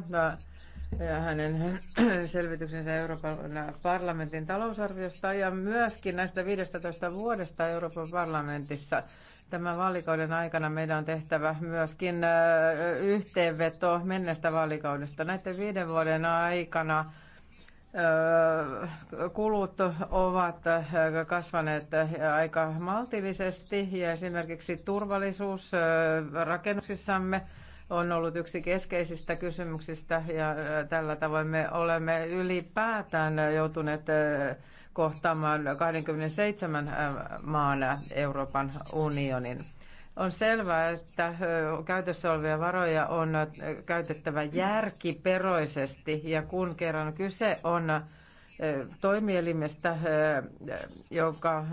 ja hänen selvityksensä Euroopan parlamentin talousarviosta ja myöskin näistä 15 vuodesta Euroopan parlamentissa. Tämän vaalikauden aikana meidän on tehtävä myöskin äh, yhteenveto mennestä vaalikaudesta. Näiden viiden vuoden aikana kulut ovat kasvaneet aika maltillisesti ja esimerkiksi turvallisuus rakennuksissamme on ollut yksi keskeisistä kysymyksistä ja tällä tavoin me olemme ylipäätään joutuneet kohtaamaan 27 maan Euroopan unionin. On selvää, että käytössä olevia varoja on käytettävä järkiperoisesti ja kun kerran kyse on toimielimestä, joka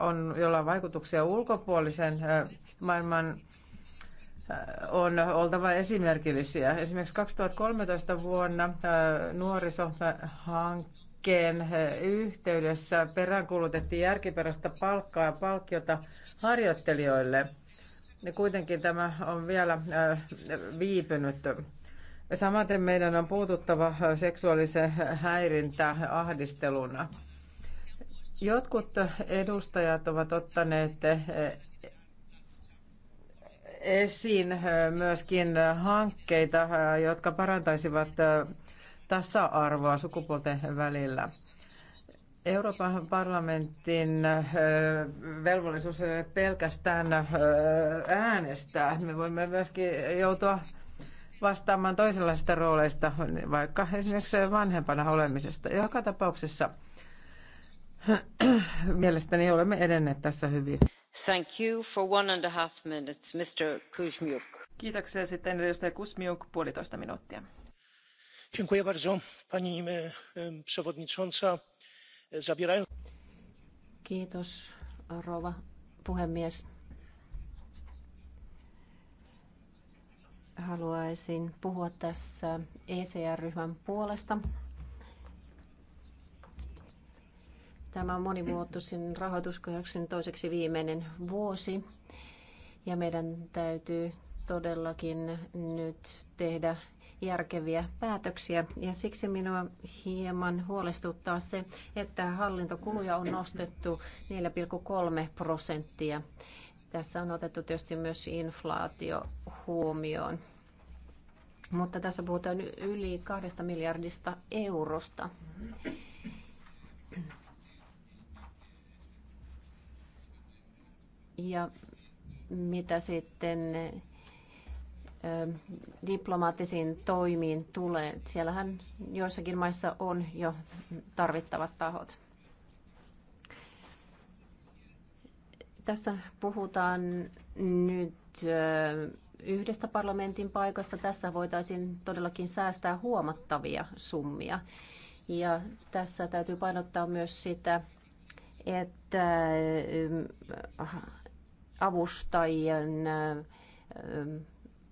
on, jolla on vaikutuksia ulkopuolisen maailman on oltava esimerkillisiä. Esimerkiksi 2013 vuonna nuorisohankkeen yhteydessä peräänkuulutettiin järkiperäistä palkkaa ja palkkiota harjoittelijoille – niin kuitenkin tämä on vielä äh, viipynyt. Samaten meidän on puututtava äh, seksuaalisen häirintä ahdisteluna. Jotkut edustajat ovat ottaneet äh, esiin myöskin hankkeita, jotka parantaisivat tasa-arvoa sukupuolten välillä. Euroopan parlamentin velvollisuus ei pelkästään äänestää. Me voimme myöskin joutua vastaamaan toisenlaisista rooleista, vaikka esimerkiksi vanhempana olemisesta. Joka tapauksessa mielestäni olemme edenneet tässä hyvin.
Thank you for one and a half minutes, Mr. Kuzmiuk. Kiitoksia sitten edustaja Kuzmiuk, puolitoista minuuttia.
Dziękuję bardzo, pani przewodnicząca zabierają...
Kiitos, rouva
puhemies. Haluaisin puhua tässä ECR-ryhmän puolesta. Tämä on monimuotoisen rahoituskehyksen toiseksi viimeinen vuosi ja meidän täytyy todellakin nyt tehdä järkeviä päätöksiä. Ja siksi minua hieman huolestuttaa se, että hallintokuluja on nostettu 4,3 prosenttia. Tässä on otettu tietysti myös inflaatio huomioon. Mutta tässä puhutaan yli kahdesta miljardista eurosta. Ja mitä sitten diplomaattisiin toimiin tulee. Siellähän joissakin maissa on jo tarvittavat tahot. Tässä puhutaan nyt yhdestä parlamentin paikassa Tässä voitaisiin todellakin säästää huomattavia summia. Ja tässä täytyy painottaa myös sitä, että avustajien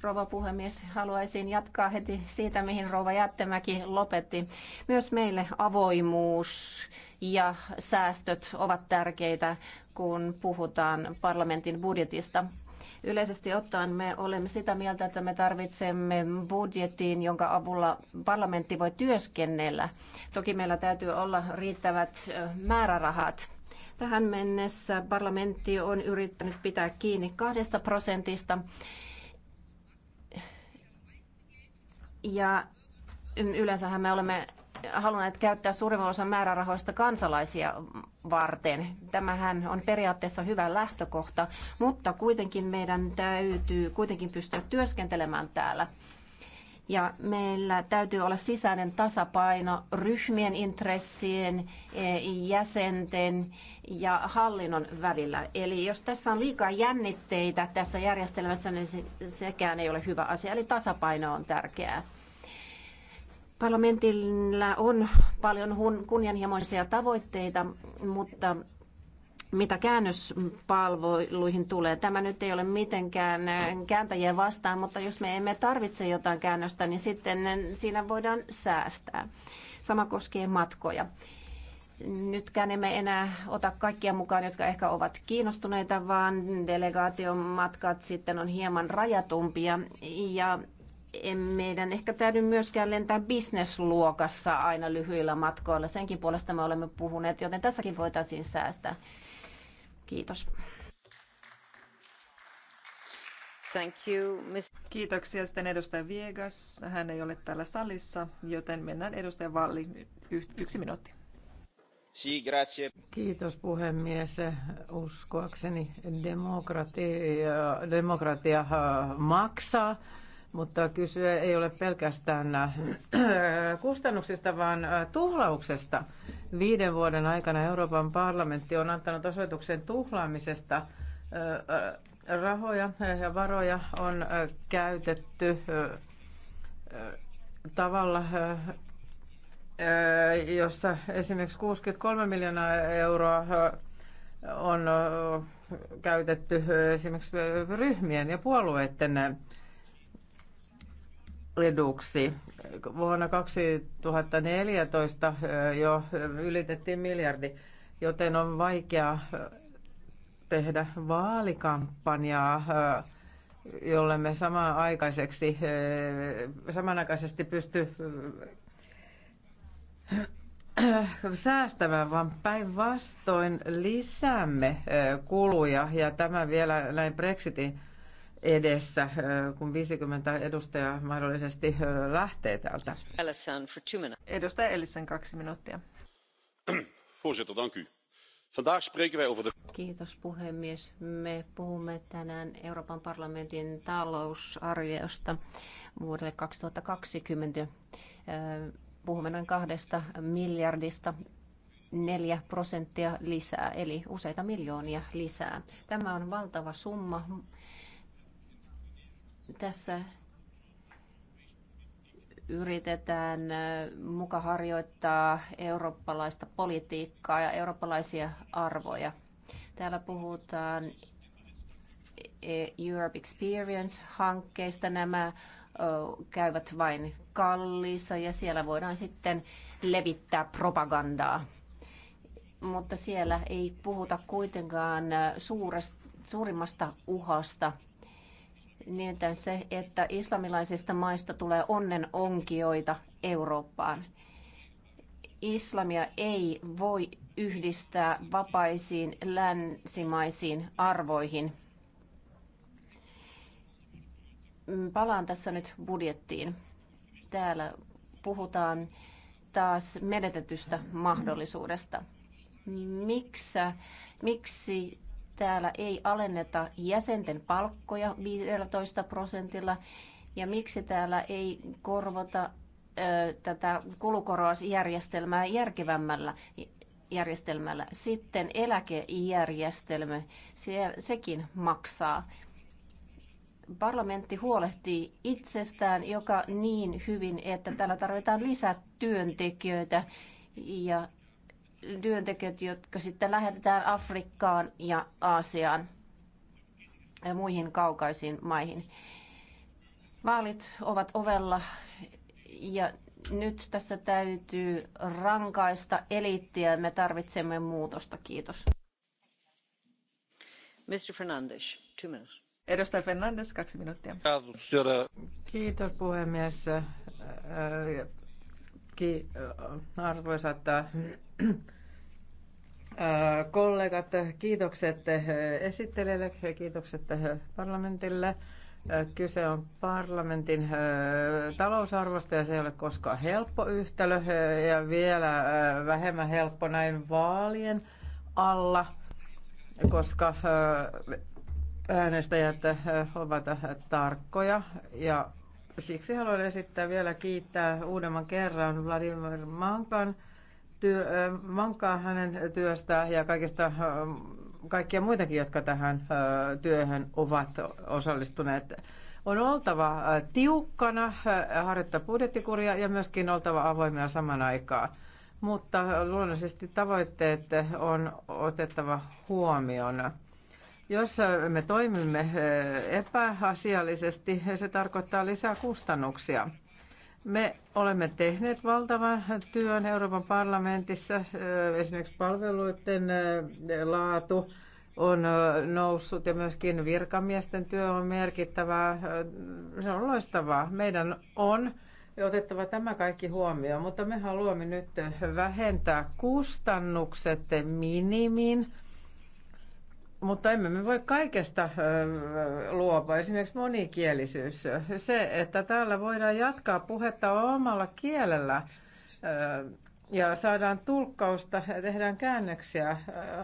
rouva puhemies. Haluaisin jatkaa heti siitä, mihin rouva Jättemäki lopetti. Myös meille avoimuus ja säästöt ovat tärkeitä, kun puhutaan parlamentin budjetista. Yleisesti ottaen me olemme sitä mieltä, että me tarvitsemme budjetin, jonka avulla parlamentti voi työskennellä. Toki meillä täytyy olla riittävät määrärahat. Tähän mennessä parlamentti on yrittänyt pitää kiinni kahdesta prosentista Ja yleensähän me olemme halunneet käyttää suurimman osan määrärahoista kansalaisia varten. Tämähän on periaatteessa hyvä lähtökohta, mutta kuitenkin meidän täytyy kuitenkin pystyä työskentelemään täällä. Ja meillä täytyy olla sisäinen tasapaino ryhmien intressien, e, jäsenten ja hallinnon välillä. Eli jos tässä on liikaa jännitteitä tässä järjestelmässä, niin sekään ei ole hyvä asia. Eli tasapaino on tärkeää. Parlamentilla on paljon kunnianhimoisia tavoitteita, mutta mitä käännöspalveluihin tulee. Tämä nyt ei ole mitenkään eh, kääntäjiä vastaan, mutta jos me emme tarvitse jotain käännöstä, niin sitten eh, siinä voidaan säästää. Sama koskee matkoja. Nytkään emme enää ota kaikkia mukaan, jotka ehkä ovat kiinnostuneita, vaan delegaation matkat sitten on hieman rajatumpia ja meidän ehkä täydy myöskään lentää bisnesluokassa aina lyhyillä matkoilla. Senkin puolesta me olemme puhuneet, joten tässäkin voitaisiin säästää. Kiitos.
Thank you, Ms. Kiitoksia sitten edustaja Viegas. Hän ei ole täällä salissa, joten mennään edustaja Valli. yksi minuutti. Kiitos
puhemies. Uskoakseni demokratia, demokratia äh, maksaa mutta kysyä ei ole pelkästään äh, kustannuksista, vaan äh, tuhlauksesta. Viiden vuoden aikana Euroopan parlamentti on antanut osoituksen tuhlaamisesta. Äh, rahoja ja varoja on käytetty tavalla, jossa esimerkiksi 63 miljoonaa euroa on käytetty esimerkiksi ryhmien ja puolueiden eduksi. Vuonna 2014 jo ylitettiin miljardi, joten on vaikea tehdä vaalikampanjaa, jolle me samanaikaiseksi, samanaikaisesti pysty säästämään, vaan päinvastoin lisäämme kuluja ja tämä vielä näin Brexitin edessä, kun 50 edustajaa mahdollisesti lähtee
täältä. Edustaja
Ellison, kaksi minuuttia.
Voorzitter, dank u. Vandaag spreken wij over de...
Kiitos puhemies. Me puhumme tänään Euroopan parlamentin talousarviosta vuodelle 2020. Puhumme noin kahdesta miljardista neljä prosenttia lisää, eli useita miljoonia lisää. Tämä on valtava summa tässä yritetään muka harjoittaa eurooppalaista politiikkaa ja eurooppalaisia arvoja. Täällä puhutaan e- Europe Experience-hankkeista. Nämä käyvät vain kalliissa ja siellä voidaan sitten levittää propagandaa. Mutta siellä ei puhuta kuitenkaan suuresta, suurimmasta uhasta – nimittäin se, että islamilaisista maista tulee onnen onkioita Eurooppaan. Islamia ei voi yhdistää vapaisiin länsimaisiin arvoihin. Palaan tässä nyt budjettiin. Täällä puhutaan taas menetetystä mahdollisuudesta. Miksä, miksi täällä ei alenneta jäsenten palkkoja 15 prosentilla ja miksi täällä ei korvata ö, tätä kulukorvausjärjestelmää järkevämmällä järjestelmällä. Sitten eläkejärjestelmä, se, sekin maksaa. Parlamentti huolehtii itsestään joka niin hyvin, että täällä tarvitaan lisää työntekijöitä ja työntekijät, jotka sitten lähetetään Afrikkaan ja Aasiaan ja muihin kaukaisiin maihin. Vaalit ovat ovella ja nyt tässä täytyy rankaista eliittiä. Me tarvitsemme muutosta. Kiitos.
Mr. Fernandes, two minutes. Edustaja Fernandes, kaksi minuuttia. Kiitos puhemies.
Arvoisat Kollegat, kiitokset esittelijälle ja kiitokset parlamentille. Kyse on parlamentin talousarvosta ja se ei ole koskaan helppo yhtälö ja vielä vähemmän helppo näin vaalien alla, koska äänestäjät ovat tarkkoja ja siksi haluan esittää vielä kiittää uudemman kerran Vladimir Mankan – työ, vankaa hänen työstä ja kaikista, kaikkia muitakin, jotka tähän työhön ovat osallistuneet. On oltava tiukkana, harjoittaa budjettikuria ja myöskin oltava avoimia saman aikaa. Mutta luonnollisesti tavoitteet on otettava huomioon. Jos me toimimme epäasiallisesti, se tarkoittaa lisää kustannuksia. Me olemme tehneet valtavan työn Euroopan parlamentissa. Esimerkiksi palveluiden eh, laatu on eh, noussut ja myöskin virkamiesten työ on merkittävää. Eh, se on loistavaa. Meidän on otettava tämä kaikki huomioon, mutta me haluamme nyt vähentää kustannukset minimin mutta emme me voi kaikesta luopua. Esimerkiksi monikielisyys. Se, että täällä voidaan jatkaa puhetta omalla kielellä ja saadaan tulkkausta ja tehdään käännöksiä,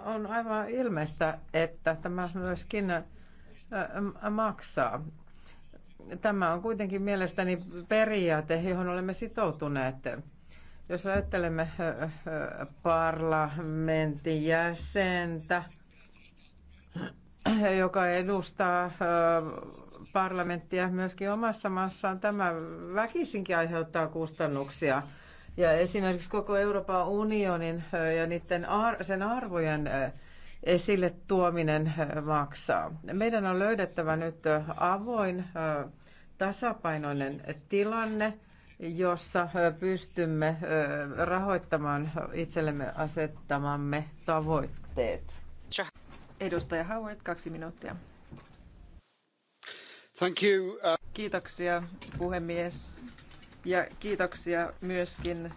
on aivan ilmeistä, että tämä myöskin maksaa. Tämä on kuitenkin mielestäni periaate, johon olemme sitoutuneet. Jos ajattelemme parlamentin jäsentä, joka edustaa parlamenttia myöskin omassa maassaan, tämä väkisinkin aiheuttaa kustannuksia. Ja esimerkiksi koko Euroopan unionin ja niiden ar- sen arvojen esille tuominen maksaa. Meidän on löydettävä nyt avoin, tasapainoinen tilanne, jossa pystymme rahoittamaan itsellemme asettamamme tavoitteet.
Edustaja Howard, kaksi minuuttia. Thank you. Uh, kiitoksia puhemies ja kiitoksia myöskin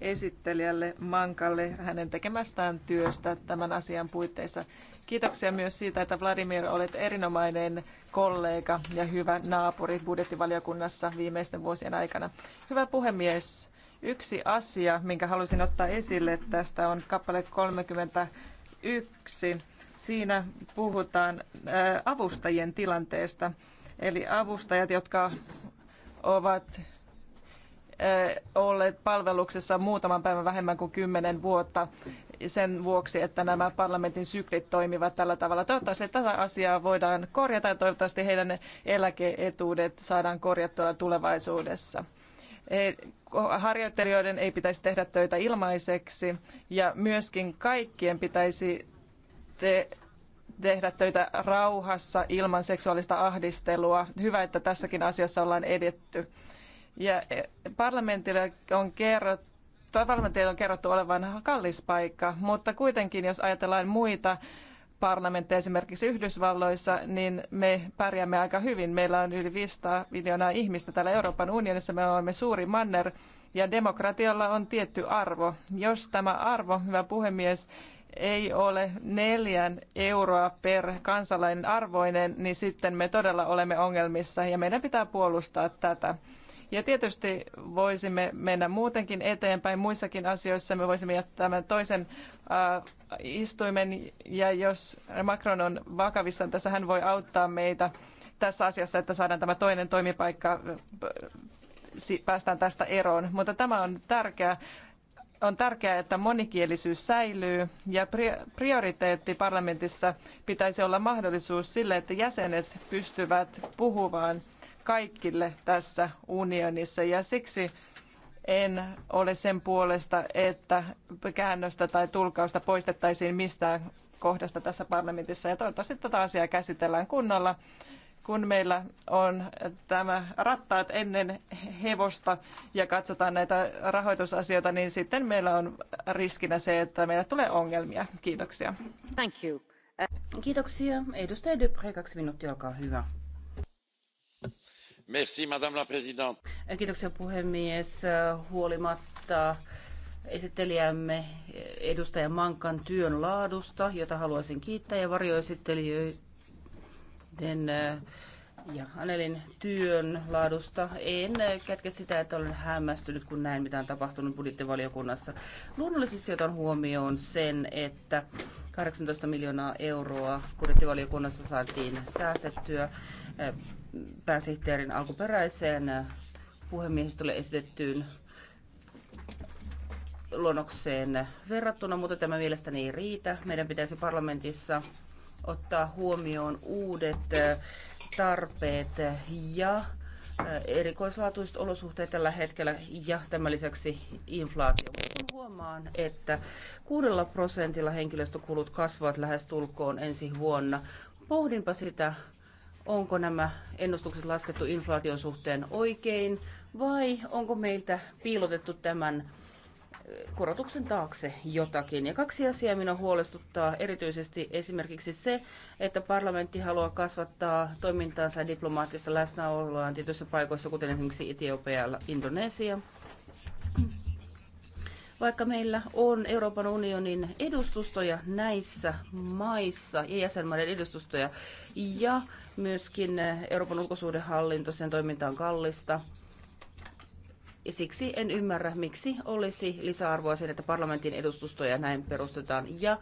esittelijälle Mankalle hänen tekemästään työstä tämän asian puitteissa. Kiitoksia myös siitä, että Vladimir olet erinomainen kollega ja hyvä naapuri budjettivaliokunnassa viimeisten vuosien aikana. Hyvä puhemies, yksi asia, minkä halusin ottaa esille tästä on kappale 31 Siinä puhutaan avustajien tilanteesta. Eli avustajat, jotka ovat olleet palveluksessa muutaman päivän vähemmän kuin kymmenen vuotta sen vuoksi, että nämä parlamentin syklit toimivat tällä tavalla. Toivottavasti tätä asiaa voidaan korjata ja toivottavasti heidän eläkeetuudet saadaan korjattua tulevaisuudessa. E, harjoittelijoiden ei pitäisi tehdä töitä ilmaiseksi ja myöskin kaikkien pitäisi te- tehdä töitä rauhassa ilman seksuaalista ahdistelua. Hyvä, että tässäkin asiassa ollaan edetty. Ja e, parlamentille on kerrottu, parlamentille on kerrottu olevan kallis paikka, mutta kuitenkin jos ajatellaan muita parlamentteja esimerkiksi Yhdysvalloissa, niin me pärjäämme aika hyvin. Meillä on yli 500 miljoonaa ihmistä täällä Euroopan unionissa, me olemme suuri manner ja demokratialla on tietty arvo. Jos tämä arvo, hyvä puhemies, ei ole neljän euroa per kansalainen arvoinen, niin sitten me todella olemme ongelmissa ja meidän pitää puolustaa tätä. Ja tietysti voisimme mennä muutenkin eteenpäin muissakin asioissa. Me voisimme jättää tämän toisen äh, istuimen ja jos Macron on vakavissaan tässä, hän voi auttaa meitä tässä asiassa, että saadaan tämä toinen toimipaikka, äh, päästään tästä eroon. Mutta tämä on tärkeää on tärkeää, että monikielisyys säilyy ja prioriteetti parlamentissa pitäisi olla mahdollisuus sille, että jäsenet pystyvät puhumaan kaikille tässä unionissa ja siksi en ole sen puolesta, että käännöstä tai tulkausta poistettaisiin mistään kohdasta tässä parlamentissa ja toivottavasti tätä asiaa käsitellään kunnolla kun meillä on tämä rattaat ennen hevosta ja katsotaan näitä rahoitusasioita, niin sitten meillä on riskinä se, että meillä tulee ongelmia. Kiitoksia. Thank you. Kiitoksia. Edustaja Dupre, kaksi minuuttia, olkaa
hyvä.
Merci, madame la présidente.
Kiitoksia puhemies. Huolimatta esittelijämme edustaja Mankan työn laadusta, jota haluaisin kiittää ja varjoesittelijöitä Eden äh, ja Anelin työn laadusta. En äh, kätke sitä, että olen hämmästynyt, kun näin, mitä on tapahtunut budjettivaliokunnassa. Luonnollisesti otan huomioon sen, että 18 miljoonaa euroa budjettivaliokunnassa saatiin säästettyä äh, pääsihteerin alkuperäiseen puhemiehistölle esitettyyn luonnokseen verrattuna, mutta tämä mielestäni ei riitä. Meidän pitäisi parlamentissa ottaa huomioon uudet tarpeet ja erikoislaatuiset olosuhteet tällä hetkellä ja tämän lisäksi inflaatio. Kun huomaan, että kuudella prosentilla henkilöstökulut kasvavat lähes tulkoon ensi vuonna, pohdinpa sitä, onko nämä ennustukset laskettu inflaation suhteen oikein vai onko meiltä piilotettu tämän korotuksen taakse jotakin. Ja kaksi asiaa minua huolestuttaa erityisesti esimerkiksi se, että parlamentti haluaa kasvattaa toimintaansa diplomaattista läsnäoloaan tietyissä paikoissa, kuten esimerkiksi Etiopia ja Indonesia. Vaikka meillä on Euroopan unionin edustustoja näissä maissa ja jäsenmaiden edustustoja ja myöskin Euroopan ulkosuhdehallinto, sen toiminta on kallista – ja siksi en ymmärrä, miksi olisi lisäarvoa sen, että parlamentin edustustoja näin perustetaan. Ja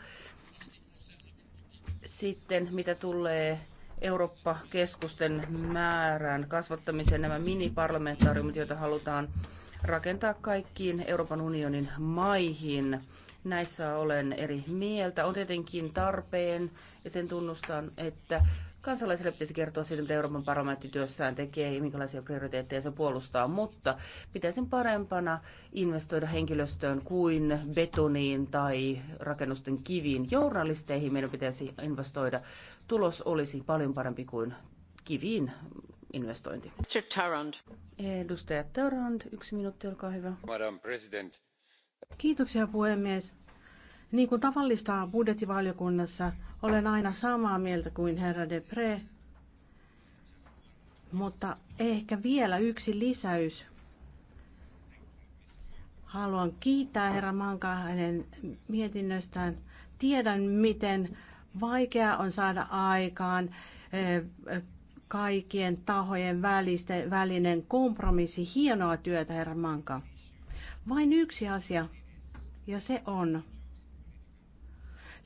sitten mitä tulee Eurooppa-keskusten määrän kasvattamiseen, nämä miniparlamentaariumit, joita halutaan rakentaa kaikkiin Euroopan unionin maihin. Näissä olen eri mieltä. On tietenkin tarpeen, ja sen tunnustan, että kansalaisille pitäisi kertoa siitä, mitä Euroopan parlamentti työssään tekee ja minkälaisia prioriteetteja se puolustaa, mutta pitäisin parempana investoida henkilöstöön kuin betoniin tai rakennusten kiviin. Journalisteihin meidän pitäisi investoida. Tulos olisi paljon parempi kuin kiviin investointi. Mr. Tarand.
Edustaja Tarand, yksi minuutti, olkaa hyvä.
Madam
President.
Kiitoksia puhemies. Niin kuin tavallista budjettivaliokunnassa, olen aina samaa mieltä kuin herra Depre, mutta ehkä vielä yksi lisäys. Haluan kiittää herra Manka hänen mietinnöstään. Tiedän, miten vaikea on saada aikaan eh, kaikkien tahojen välistä, välinen kompromissi. Hienoa työtä, herra Manka. Vain yksi asia, ja se on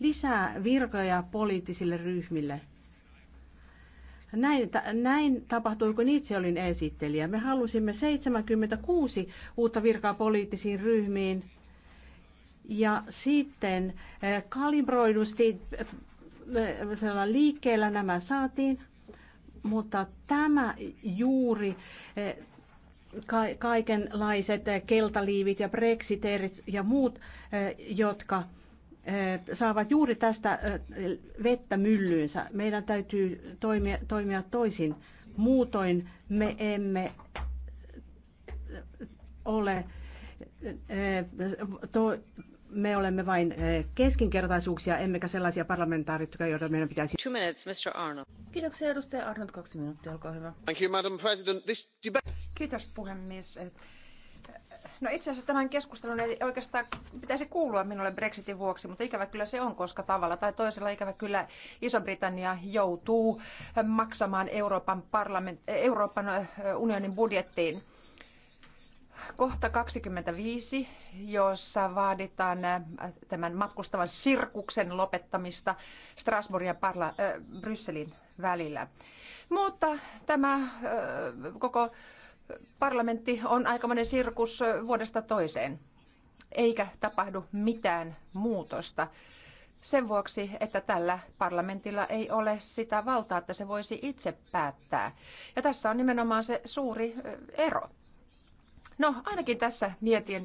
lisää virkoja poliittisille ryhmille. Näin, näin tapahtui, kun itse olin esittelijä. Me halusimme 76 uutta virkaa poliittisiin ryhmiin ja sitten eh, kalibroidusti eh, liikkeellä nämä saatiin, mutta tämä juuri eh, kaikenlaiset keltaliivit ja brexiteerit ja muut, jotka Eh, saavat juuri tästä eh, vettä myllyynsä. Meidän täytyy toimia, toimia toisin. Muutoin me emme eh, ole, to, me olemme vain keskinkertaisuuksia, emmekä sellaisia parlamentaarikkoja, joita meidän pitäisi... Two minutes, Mr. Arnold.
Kiitoksia, edustaja Arnold. Kaksi minuuttia, olkaa hyvä. Thank you, Madam President. This debate...
Kiitos, puhemies No itse asiassa tämän keskustelun ei oikeastaan pitäisi kuulua minulle Brexitin vuoksi, mutta ikävä kyllä se on, koska tavalla tai toisella ikävä kyllä Iso-Britannia joutuu maksamaan Euroopan, parlament,
Euroopan unionin budjettiin. Kohta 25,
jossa vaaditaan tämän matkustavan sirkuksen lopettamista Strasbourg ja parla- äh, Brysselin välillä. Mutta tämä äh,
koko parlamentti on aikamoinen sirkus vuodesta toiseen, eikä tapahdu mitään muutosta. Sen vuoksi, että tällä parlamentilla ei ole sitä valtaa, että se voisi itse päättää. Ja tässä on nimenomaan se suuri ero. No, ainakin tässä mietin.